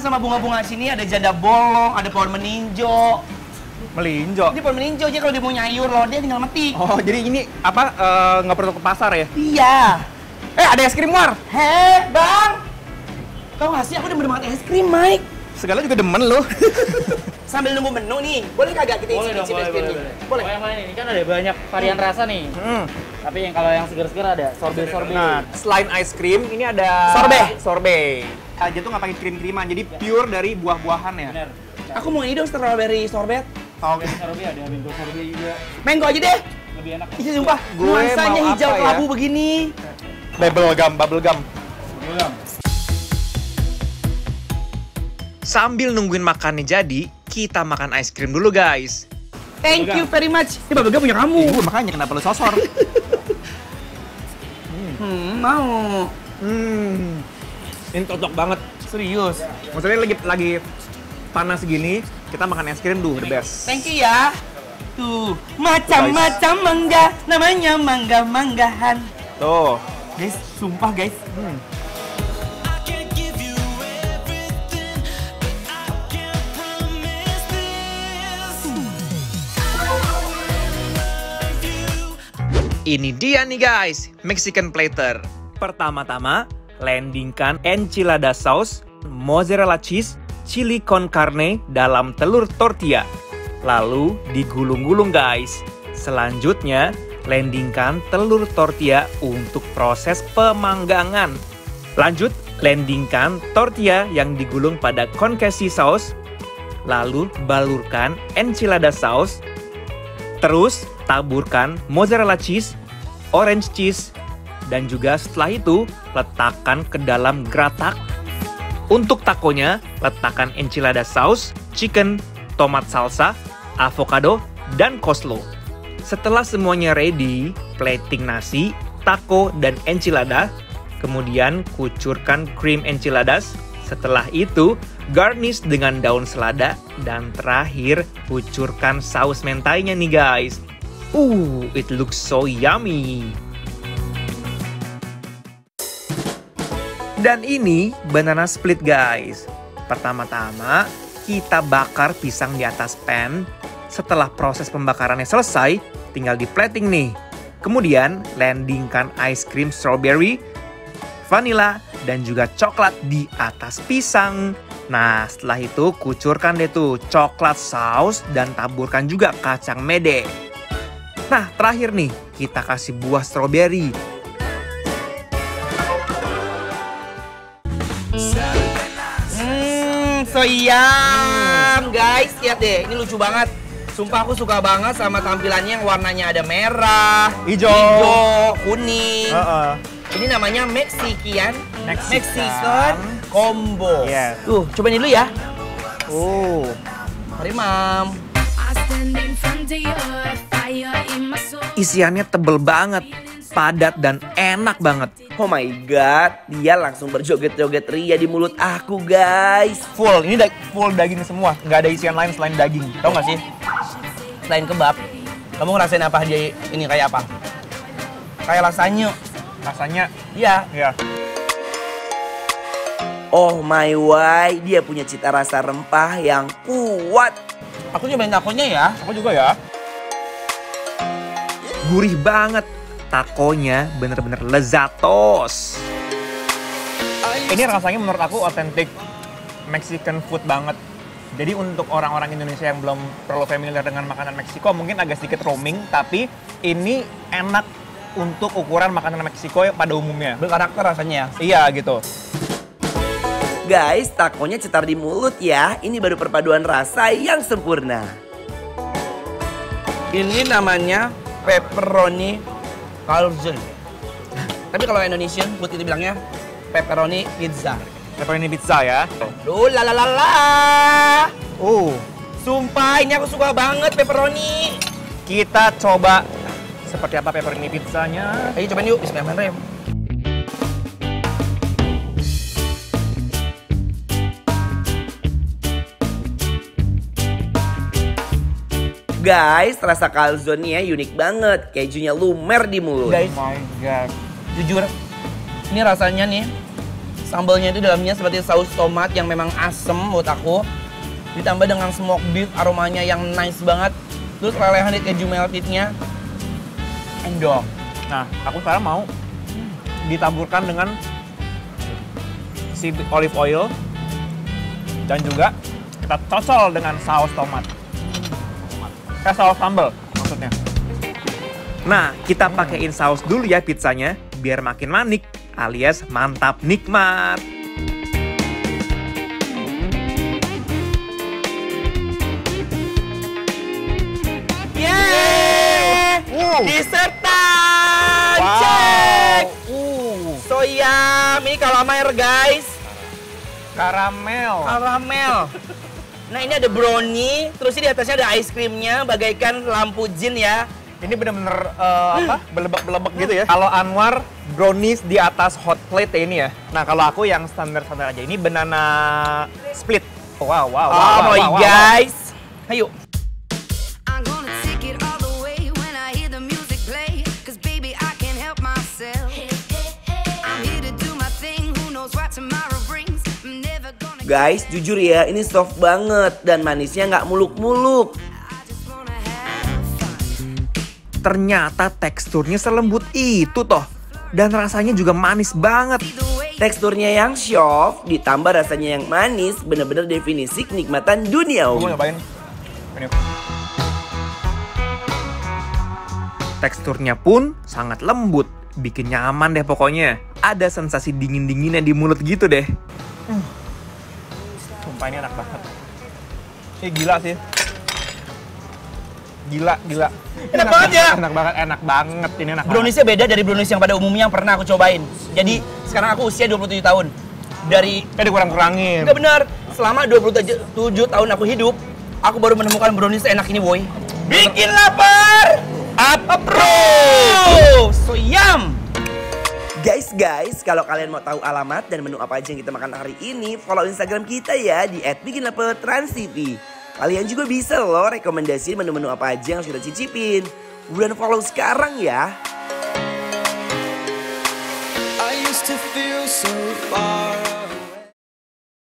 sama bunga-bunga sini ada janda bolong, ada pohon meninjo. Melinjo. Ini pohon meninjo aja kalau dia mau nyayur loh, dia tinggal mati. Oh, jadi ini apa eh, nggak perlu ke pasar ya? Iya. Eh, ada es krim war. Heh, Bang. Kau ngasih aku udah banget es krim, Mike. Segala juga demen loh. Sambil nunggu menu nih, boleh kagak kita isi es krim? boleh, boleh, boleh. boleh. yang lain ini kan ada banyak varian hmm. rasa nih. Hmm. Tapi yang kalau yang seger seger ada sorbet-sorbet. Nah, selain ice cream, ini ada sorbet. Sorbet aja eh, tuh nggak pakai krim-kriman, jadi pure dari buah-buahan ya. Bener. Aku mau ini dong strawberry sorbet. Oke. okay. sorbet ada mango sorbet juga. Mango aja deh. Lebih enak. Iya sumpah, nuansanya hijau ya? kelabu ya? begini. Bubble gum, bubble gum. Bubble gum. Sambil nungguin makannya jadi, kita makan es krim dulu guys. Thank you very much. Ini bubble gum punya kamu. Ibu, iya, makanya kenapa lo sosor? hmm, mau. Hmm. Ini cocok banget. Serius. Maksudnya lagi lagi panas gini, kita makan es krim dulu the best. Thank you ya. Tuh, macam-macam mangga, namanya mangga-manggahan. Tuh. Guys, sumpah guys. Hmm. Ini dia nih guys, Mexican platter. Pertama-tama, landingkan enchilada sauce, mozzarella cheese, chili con carne dalam telur tortilla. Lalu digulung-gulung guys. Selanjutnya, landingkan telur tortilla untuk proses pemanggangan. Lanjut, landingkan tortilla yang digulung pada konkesi saus, lalu balurkan enchilada sauce, terus taburkan mozzarella cheese, orange cheese, dan juga setelah itu letakkan ke dalam gratak. Untuk takonya, letakkan enchilada saus, chicken, tomat salsa, avocado, dan koslo. Setelah semuanya ready, plating nasi, taco, dan enchilada. Kemudian kucurkan krim enchiladas. Setelah itu, garnish dengan daun selada. Dan terakhir, kucurkan saus mentainya nih guys. Uh, it looks so yummy. Dan ini banana split guys. Pertama-tama kita bakar pisang di atas pan. Setelah proses pembakarannya selesai, tinggal di plating nih. Kemudian landingkan ice cream strawberry, vanilla, dan juga coklat di atas pisang. Nah, setelah itu kucurkan deh tuh coklat saus dan taburkan juga kacang mede. Nah, terakhir nih, kita kasih buah strawberry Soyam hmm. guys lihat deh ini lucu banget Sumpah aku suka banget sama tampilannya yang warnanya ada merah, hijau, hijau kuning. Uh -uh. Ini namanya Mexican, Mexican, Mexican combo. Yes. Tuh, ini dulu ya. Oh. Mari, Isiannya tebel banget, padat dan enak banget. Oh my god, dia langsung berjoget-joget ria di mulut aku guys. Full, ini da full daging semua, nggak ada isian lain selain daging. Tahu nggak sih? Selain kebab, kamu ngerasain apa dia ini kayak apa? Kayak rasanya, Rasanya? Iya. Iya. Oh my why, dia punya cita rasa rempah yang kuat. Aku juga nyobain takonya ya. Aku juga ya. Gurih banget, takonya bener-bener lezatos. Ini rasanya menurut aku otentik Mexican food banget. Jadi untuk orang-orang Indonesia yang belum terlalu familiar dengan makanan Meksiko mungkin agak sedikit roaming, tapi ini enak untuk ukuran makanan Meksiko pada umumnya. Berkarakter rasanya ya? Iya gitu. Guys, takonya cetar di mulut ya. Ini baru perpaduan rasa yang sempurna. Ini namanya pepperoni Calzone. Tapi kalau Indonesian, buat itu bilangnya pepperoni pizza. Pepperoni pizza ya. Duh, oh, la la la Oh, sumpah ini aku suka banget pepperoni. Kita coba seperti apa pepperoni pizzanya. Ayo cobain yuk, bismillahirrahmanirrahim. Guys, rasa calzone-nya unik banget. Kejunya lumer di mulut. Guys, oh my god. Jujur, ini rasanya nih sambalnya itu dalamnya seperti saus tomat yang memang asem buat aku ditambah dengan smoked beef aromanya yang nice banget terus lelehan di keju melted-nya. Endong. nah aku sekarang mau ditaburkan dengan si olive oil dan juga kita cocol dengan saus tomat Eh, saus sambal maksudnya. Nah, kita pakein saus dulu ya pizzanya biar makin manik alias mantap nikmat. Yeay! Wow. Dessert time! Wow. Check! Uh. So yum! Ini air guys. Karamel. Karamel. Nah ini ada brownie, terus di atasnya ada ice creamnya, bagaikan lampu jin ya. Ini bener-bener uh, apa? Hmm. belebek-belebek gitu ya. Kalau Anwar brownies di atas hot plate ya ini ya. Nah kalau aku yang standar-standar aja ini banana split. Wow, wow, wow. Oh wow, my wow, guys. Wow. Ayo, Guys, jujur ya, ini soft banget dan manisnya nggak muluk-muluk. Ternyata teksturnya selembut itu toh. Dan rasanya juga manis banget. Teksturnya yang soft ditambah rasanya yang manis bener-bener definisi kenikmatan dunia. Gue nyobain. Teksturnya pun sangat lembut, bikin nyaman deh pokoknya. Ada sensasi dingin-dinginnya di mulut gitu deh. Sumpah ini enak banget. Ini gila sih. Gila, gila. Enak, enak banget ya? Enak banget, enak banget. Ini enak Browniesnya beda dari brownies yang pada umumnya yang pernah aku cobain. Jadi sekarang aku usia 27 tahun. Dari... Eh, dikurang-kurangin. Enggak benar. Selama 27 tahun aku hidup, aku baru menemukan brownies enak ini, boy. Bikin lapar! Approve! So, yum! Guys, guys, kalau kalian mau tahu alamat dan menu apa aja yang kita makan hari ini, follow Instagram kita ya di @bikinlapertransTV. Kalian juga bisa loh rekomendasi menu-menu apa aja yang sudah cicipin. Buruan follow sekarang ya.